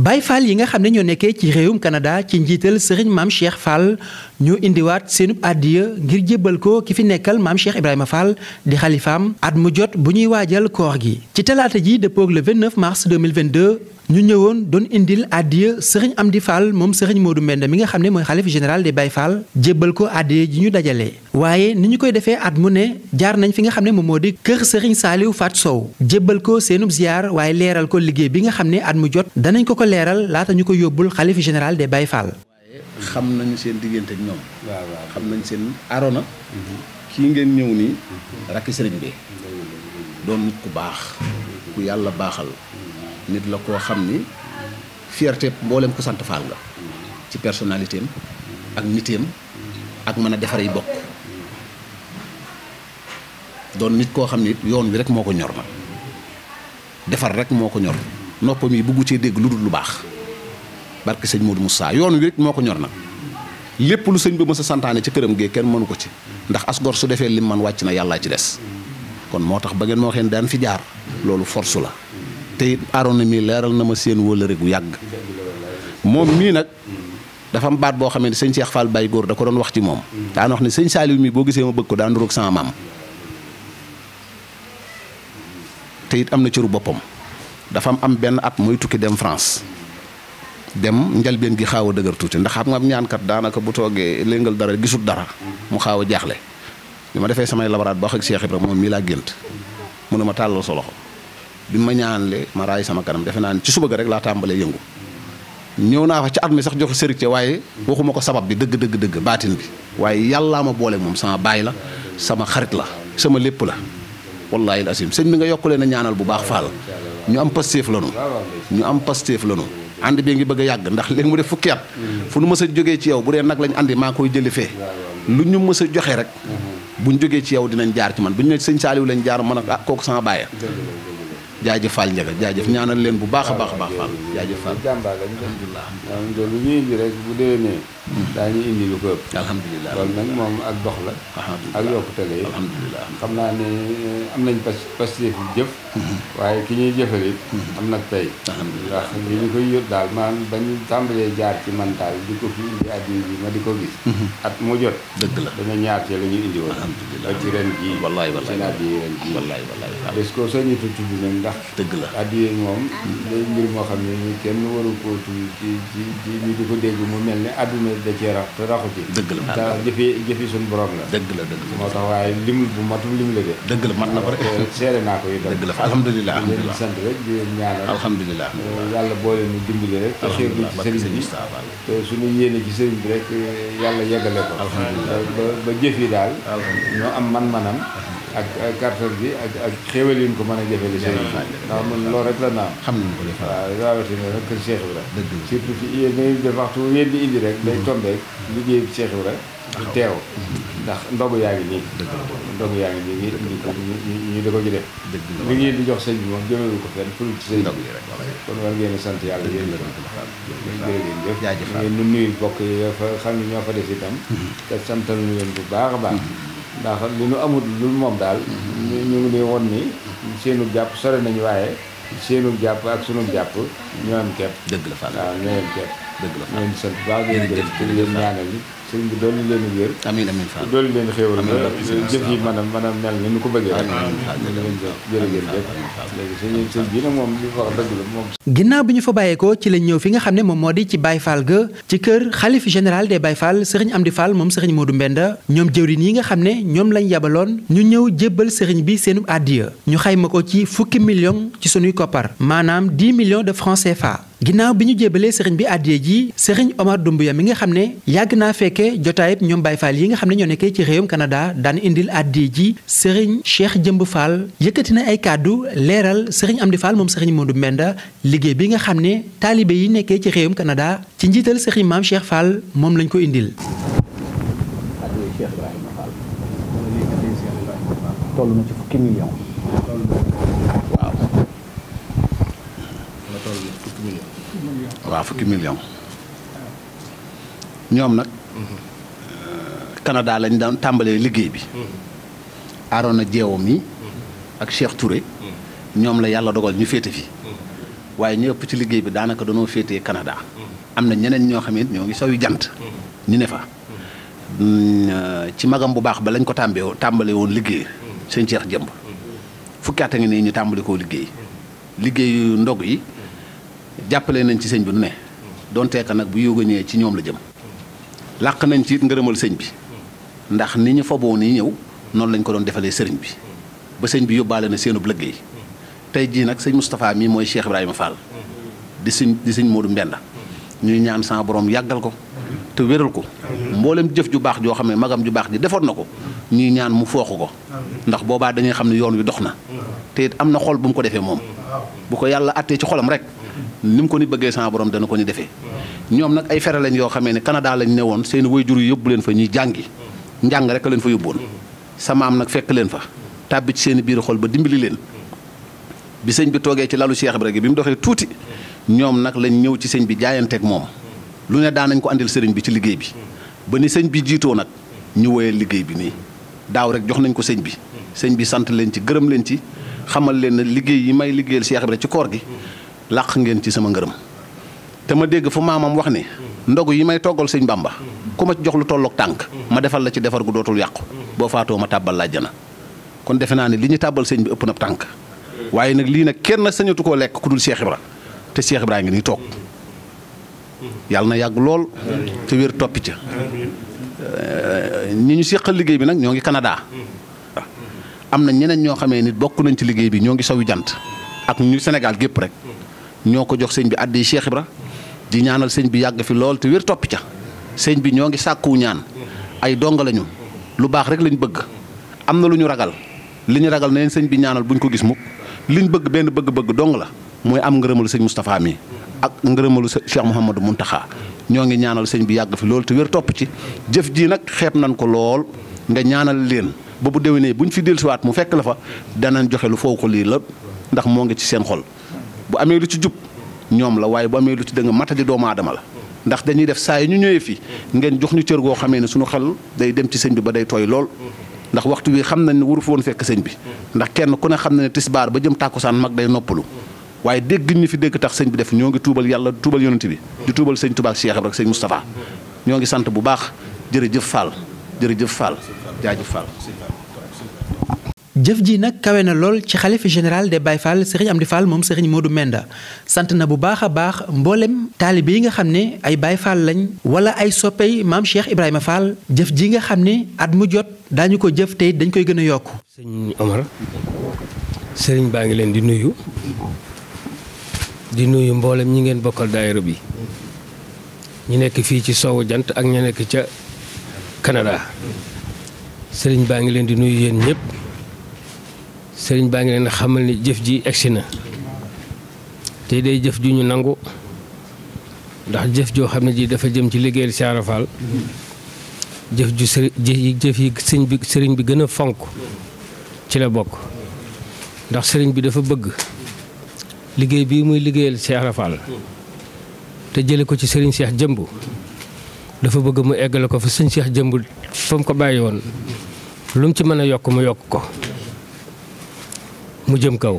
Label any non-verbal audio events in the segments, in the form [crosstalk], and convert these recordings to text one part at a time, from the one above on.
Baye Fall yi nga xam ne ñoo nekkee ci réewum kanada ci njiital Serigne maam Cheikh Fall ñu indiwaat seenub àddiya ngir jébbal ko ki fi nekkal maam Cheikh Ibrahima fal di xalifaam at mu jot bu ñuy waajal koor gi ci talaata ji dëppoog le 29 mars 2022 ñu ñëwoon doon indil addiya am di Fall moom moo du Mbende mi nga xam ne mooy xalif général des bay faal jébbal ko addiya ji ñu dajale waaye ni ñu koy defee at mu ne jaar nañ fi nga xam ne moom moo di kër sëriñ Saaliw faat Sow jébbal ko seenub ziar waaye leeral ko liggéey bi nga xam ne at mu jot danañ ko ko leeral laata ñu ko yóbbul xalif général des Baye Fall. xam nañu seen diggante ak ñoom. waaw waaw xam nañ seen arona kii ngeen ñëw nii. sëriñ bi doon nit baaxal. nit la koo xam ni fierté mboolem ko sant Faal nga ci personnalité ak niteem ak mën a defar defaree bokk doon nit koo xam ni yoon wi rek moo ko ñor na defar rek moo ko ñor noppam yi buggu cee dégg lu dul lu baax barke sëñ Modou Moussa yoon wi rek moo ko ñor nag lépp lu sëñ bi mës a santaane ci këram gee kenn mënu ko ci ndax asgor su defee lim man wàcc na yàllaa ci des kon moo tax ba ngeen moo xeen daan fi jaar loolu force la te it na mii leeral na ma seen wóolare gu yàgg moom mii nag dafa am baat boo xam ne sëñ Cheikh Fall Baye góor da ko doon wax ci moom daan wax ne sëñ Saliou mii boo gisee ma bëgg ko daan roog sama maam te am na cëru boppam dafa am benn at mooy tukki dem France dem njalbeen gi xaaw a dëgër tuuti ndax xam nga am ñaankat daanaka bu toogee léngal dara gisul dara mu xaaw a jaaxle bi ma defee samay labaraat ba wax ak Cheikh moom mii laa gént mu ne ma tàllal sa bi ma ñaanalee ma raay sama kanam defe naa ne ci suba ga rek laa tàmbalee yëngu ñëw naa fa ci at mi sax jox sëriñ waaye waxuma ko sabab bi dëgg dëgg dëgg baatin bi waaye yàllaa ma boole moom sama bàyyi la sama xarit la sama lépp la wallaahi asim sëñ bi nga yokkulee na ñaanal bu baax faal ñu am pasteef la ñu am pasteef la ñu ànd bi ngi bëgg a yàgg ndax léegi mu def fukki at fu nu mës a jógee ci yow bu dee nag lañu àndi maa koy jëli fee lu ñu mës a joxe rek buñ jógee ci yow dinañ jaar ci man bu ne sëñ Saaliw lañ jaar man ak ah, kooku sama baay jaajëf Fall Ndiaga jaajëf ñaanal leen bu baax a baax a baax Fall jaajëf Fall jàmbaar lañu alhamdulilah am lu ñu indi rek bu déwénee hmm. lu ko ëpp moom ak dox la ak yokkute la alhamdulilah xam naa ne eh, am nañ pas pastif jëf hmm. waaye ki ñuy jëfal it hmm. am nag pay alhamdulilah ndax li ñu koy yót daal maanaam bañu tàmbalee jaar ci man daal di ko fi indi addiyi bi ma di ko gis at mu jot dëgg la dana ñaar ci la ñu indi woon alhamdulilah ci ren jii wallaay wallaay ci addiyi ren jii wallaay wallaay bés ndax dëgg la addiya moom day moo xam ne ni kenn waru koo tudd ci ci ci ñu di ko dégg mu mel ni àdduna da cee te raxu ci dëgg la ndax jëfi jëfi suñu borom la dëgg la dëgg moo tax waaye lim bu matum lim la de dëgg la mat na ko rek seere naa ko yi dëgg la alhamdulilah alhamdulilah sant rek di yàlla boo leen ñu dimbali rek te xeer ci sëriñ bi te suñu yéene ci sëriñ bi rek yàlla yeggale ko ba jëf yi daal ñoo am man-manam ak ak bi ak ak xéwal yi ko mën a jëfee. li sëriñ bi ndax man loolu rek la naam. xam nañ ko li faral waaw rawatina nag kër Cheikh dëgg la surtout ci di indi rek. day tombé liggéey Cheikh Ibra. waaw teew ndax ndogu yaa ngi nii. dëgg yaa ngi nii ñu ñu ñu da ko ci def. di jox sëñ bi moom jëmewu ko fenn pour ci sëñ bi rek. kon war ngeen sant yàlla yéen la jërëjëf jaajëf ngeen nu nuyu bokk yi fa xam ne ñoo fa des itam [laughs] te santal ñu leen bu baax a baax [laughs] ndax li nu amul lu moom daal mhm. ñu ngi ne woon ni seenu jàpp sore nañu waaye seenu jàpp ak sunu jàpp ñoo am kepp dëgg la Fall waaw ñoo kepp dëgg la Fall ñoo ngi sant baax ngeen jëf ci leen ñaanal sëñ ko ginnaaw bi ñu fa bàyyeekoo ci lañ ñëw fi nga xam ne moom moo di ci Baye Fall ga ci kër xalif général des Baye Fall am di Fall moom sëriñ du Mbenda ñoom jëwriñ yi nga xam ne ñoom lañ yabaloon ñu ñëw jébbal sëriñ bi seenu àddiya ñu xayma ko ci fukki million ci sunuy koppar maanaam 10 million de francs CFA ginnaaw bi ñu jébalee sëriñ bi àddiyee ji sëriñ Omar Dumbuya mi nga xam ne yàgg naa fekkee jotaayib ñoom bay faal yi nga xam ne ñoo nekkee ci réewum Canada daan indil àddiyee ji sëriñ Cheikh Jëmb Fall yëkkati na ay kàddu leeral sëriñ Amdi Fall moom sëriñ Modou Mbenda liggéey bi nga xam ne taalibe yi nekkee ci réewum Canada ci njiital sëriñ Maam Cheikh Fall moom lañ ko indil. waaw fukki million ñoom nag mhm. Canada lañ daan tàmbalee liggéey bi mhm. Arona Jeewo mi mhm. ak Cheikh ture ñoom la yàlla dogal ñu féete fi waaye ñu ëpp ci liggéey bi daanaka danoo féetee Canada am na ñeneen ñoo xam ne ñoo ngi sowi jant ñu ne fa mm, ci magam bu baax ba lañ ko tàmbee tàmbale woon liggéey seen ceex jëmb fukki at nii ñu tàmbali koo liggéey liggéeyu ndog yi jàppale nañ ci sëñ bu ne donte ka nag bu yóoga ñëwee ci ñoom la jëm làq nañ ci it ngërëmal sëñ bi ndax ni ñu faboo nii ñëw noonu lañ ko doon defalee sëriñ bi ba sëñ bi yóbbaale na seenub liggéey tey jii nag sëñ Moustapha mii mooy Cheikh Ibrahima Fall di sëñ di sëñ Modou Mbenda ñuy ñaan sa borom yàggal ko te wéral ko mboolem jëf ju baax joo xam ne magam ju baax ji defoon na ko ñuy ñaan mu fooxu ko ndax boobaa dañuy xam ne yoon wi dox na te it am na xol bu mu ko defee moom yàlla attee ci xolam rek ni mu ko ni bëggee sama borom dana ko ni defee ñoom nag ay fere lañ yoo xamee ne Canada lañ ne woon seen wayjur yi yóbbu leen fa ñuy jàngi njàng rek leen fa yóbboon samaam nag fekk leen fa tàbbi ci seen biir xol ba dimbali leen bi señ bi toogee ci lalu Cheikh Ibra gi bi mu doxee tuuti ñoom nag lañ ñëw ci sëñ bi jaayanteek moom lu ne daan nañ ko andil sëriñ bi ci liggéey bi ba ni sëñ bi jiitoo nag ñu woyal liggéey bi nii daaw rek jox nañ ko sëñ bi sëñ bi sant leen ci gërëm leen ci xamal leen ne liggéey yi may liggéeyal Cheikh Ibra ci koor gi làq ngeen ci sama ngërëm te ma dégg fu maamam wax ni ndogu yi may toggal sëñ Bamba ku ma jox lu tollook tànk ma defal la ci defar gu dootul yàqu boo faatoo ma tàbbal làjjana kon defe naa ne li ñu tàbbal sëñ bi ëpp nag tànk waaye nag lii nag kenn sañatu koo lekk ku dul Cheikh Ibra te Cheikh Ibra ngi nii toog yàlla na yàgg lool te wér toppi ca ñi ñu seqal liggéey bi nag ñoo ngi Canada am na ñeneen ñoo xamee nit bokk nañ ci liggéey bi ñoo ngi sowu jant ak ñu Sénégal gépp rek ñoo ko jox sëñ bi addi Cheikh ra di ñaanal sëñ bi yàgg fi lool te wér topp ca sëñ bi ñoo ngi sàkkuwu ñaan ay donga lañu lu baax rek lañ bëgg am na lu ñu ragal li ñu ragal na leen sëñ bi ñaanal buñ ko gis mukk liñ bëgg benn bëgg-bëgg dong la mooy am ngërëmalu sëñ Moustapha mi ak ngërëmalu Cheikh Mouhamadou Mountakha ñoo ngi ñaanal sëñ bi yàgg fi loolu te wér topp ci jëf jii nag xeeb nañ ko lool nga ñaanal leen ba bu déwénee buñ fi dellusiwaat mu fekk la fa danañ joxe foo ko lii la ndax moo ngi ci seen xol bu amee lu ci jub ñoom la waaye bu amee lu ci dëng matadi doomu aadama la ndax dañuy def saa yi ñu ñëwee fi ngeen jox ñu cër goo xamee ne suñu xel day dem ci sëñ bi ba day tooy lool ndax waxtu wi xam na ne waru fa woon fekk sëñ bi ndax kenn ku ne xam na ne tisbaar ba jëm tàkkusaan mag day noppalu waaye dégg ñu fi dégg tax sëñ bi def ñoo ngi tuubal yàlla tuubal yonent bi di tuubal sëñ Tuubaa Cheikh Ibra sëñ Moustapha ñoo ngi sant bu baax jërëjëf Fall jërëjëf Fall jaajëf Fall jëf ji nag kawe na lool ci xalifa général des Baye Fall Serigne Amdi Fall moom Serigne Modou Menda sant na bu baax a baax mbooleem taalibe yi nga xam ne ay baay fal lañ wala ay soppey maam Cheikh Ibrahima fal jëf ji nga xam ne at mu jot daañu ko jëf tey dañ koy gën a yokku. sëñ Omar Serigne baa ngi leen di nuyu di nuyu mboolem ñi ngeen bokkal daayira bi ñu nekk fii ci soowu jant ak ñu nekk ca Canada Serigne baa ngi leen di nuyu yéen ñëpp. sëriñ baa ngi leen xamal ni jëf ji egsi na te day jëf ju ñu nangu ndax jëf joo xam ne ji dafa jëm ci liggéeyal Cheikh Fall jëf ju sëriñ jëf yi sëriñ bi sëriñ bi gën a fonk ci la bokk ndax sëriñ bi dafa bëgg liggéey bii muy liggéeyal Cheikh Fall te jële ko ci sëriñ Cheikh jëmb dafa bëgg mu eggale ko fa sëñ Cheikh jëmb fa mu ko bàyyi woon lu ci mën a yokk mu yokk ko mu jëm kaw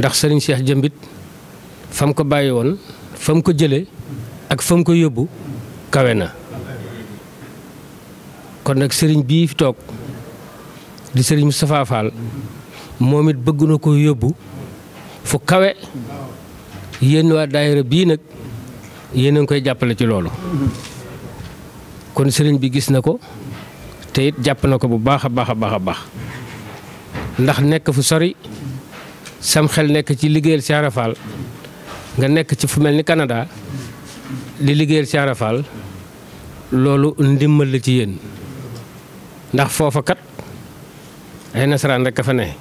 ndax sëriñ Cheikh jëmbit fam ko bàyyi woon fam ko jële ak fam ko yóbbu kawe na kon nag sëriñ bii fi toog di sëriñ Moustapha Fall moom it bëgg ko yóbbu fu kawe yéen waa daayira bii nag yéen a ngi koy jàppale ci loolu kon sëriñ bi gis na ko te it jàpp na ko bu baax a baax a baax ndax nekk fu sori sam xel nekk ci liggéeyal Cheikh nga nekk ci fu mel ni Canada di liggéeyal Cheikh loolu ndimmal la ci yéen ndax foofa kat ay nasaraan rek a fa ne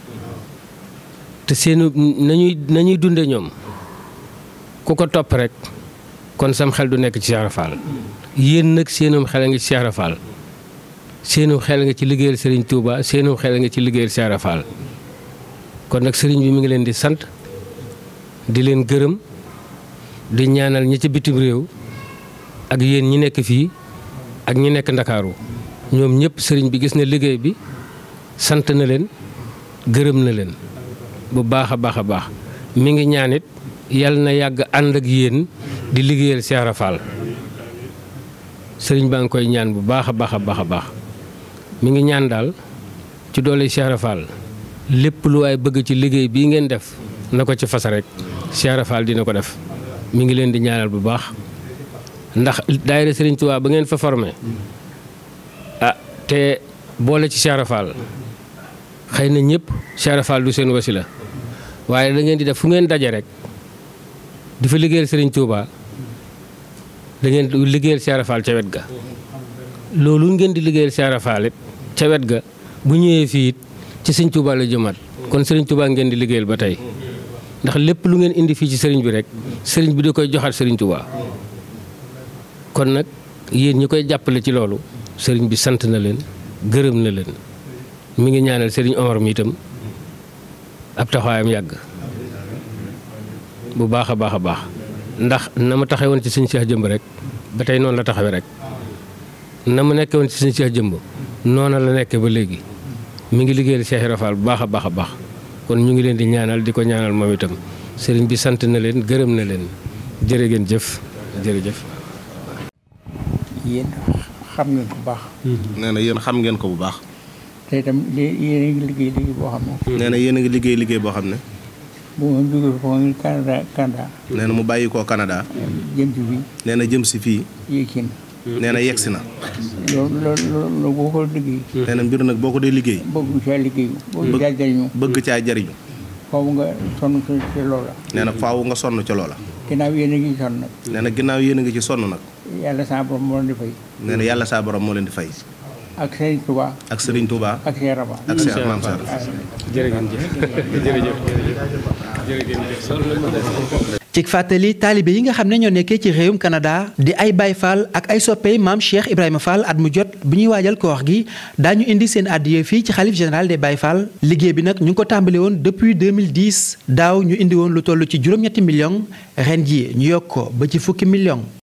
te séenu nañuy nañuy dunde ñoom ku ko topp rek kon sam xel du nekk ci Cheikh yéen nag seenum xel a ngi ci seenu xel nga ci liggéeyal sëriñ Touba seenu xel nga ci liggéeyal Cheikh Fall kon nag sëriñ bi mu ngi leen di sant di leen gërëm di ñaanal ñi ci bitim réew ak yéen ñi nekk fii ak ñi nekk ndakaaru ñoom ñëpp sëriñ bi gis na liggéey bi sant na leen gërëm na leen bu baax a baax a baax mi ngi ñaanit yal na yàgg ànd ak yéen di liggéeyal Cheikh Fall sëriñ baa ngi koy ñaan bu baax a baax a baax a baax mi ngi ñaan daal ci doole Cheikh lépp lu waay bëgg ci liggéey bii ngeen def na ko ci fas rek Cheikh dina ko def mu ngi leen di ñaanal bu baax ndax daayira Serigne Touba ba ngeen fa formé ah te boole ci Cheikh xëy na ñëpp Cheikh Rafal du seen la waaye da di def fu ngeen daje rek di fa liggéeyal Serigne Touba da ngeen liggéeyal ca wet ga loolu ngeen di liggéeyal Cheikh ca wet ga bu ñëwee fii it ci sëñ Touba la jëmaat kon sëriñ Touba ngeen di liggéeyal ba tey ndax lépp lu ngeen indi fii ci sëriñ bi rek sëriñ bi di koy joxaat sëriñ Touba kon nag yéen ñi koy jàppale ci loolu sëriñ bi sant na leen gërëm na leen mu ngi ñaanal sëriñ Omar mi itam ab taxawaayam yàgg bu baax a baax baax ndax na ma taxawoon ci sëñ Cheikh Jëmb rek ba tey noonu la taxawee rek na ma nekkoon ci sëñ Cheikh Jëmb noona la nekk ba léegi mi ngi liggéeyal Cheikh Ibra bu baax a baax a baax kon ñu ngi leen di ñaanal di ko ñaanal moom itam sëriñ bi sant na leen gërëm na leen jërë ngeen jëf jërëjëf. yéen xam bu baax. Mm-hmm. nee na yéen xam ngeen ko bu baax. te itam yéen liggéey liggéey boo xam ne. nee yéen a ngi liggéey liggéey boo xam ne. bu ma jógee foofu ngir Canada Canada. nee na mu bàyyi koo Canada. jëm si fii. nee jëm si fii. yéeg nee na yegsi na. loolu loolu loolu boo ko na mbir ko dee liggéey. bëgg caa liggéey. bëgg caa jariñu bëgg caa jariñu. faaw nga sonn ca loola. nee na faaw nga sonn ca loola. a ngi ci sonn nag. nee na ginnaaw yéen a ngi ci sonn nag. yàlla saa borom moo leen di fay. nee yàlla saa borom moo leen di fay. ak Serigne Touba. ak Serigne Touba. ak Cheikh Raba. ak Cheikh Mame ci fàttali taalibe yi nga xam ne ñoo nekkee ci réewum Canada di ay Baay Faal ak ay soppey maam Cheikh Ibrahima Fall at mu jot bu ñuy waajal koor gi daañu indi seen addiya fii ci xalif général des Baay Faal liggéey bi nag ñu ngi ko tàmbali woon depuis 2010 daaw ñu indi woon lu toll ci juróom million ren ji ñu yokk ba ci fukki million